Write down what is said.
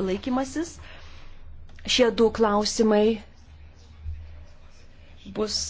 laikymasis. Šie du klausimai bus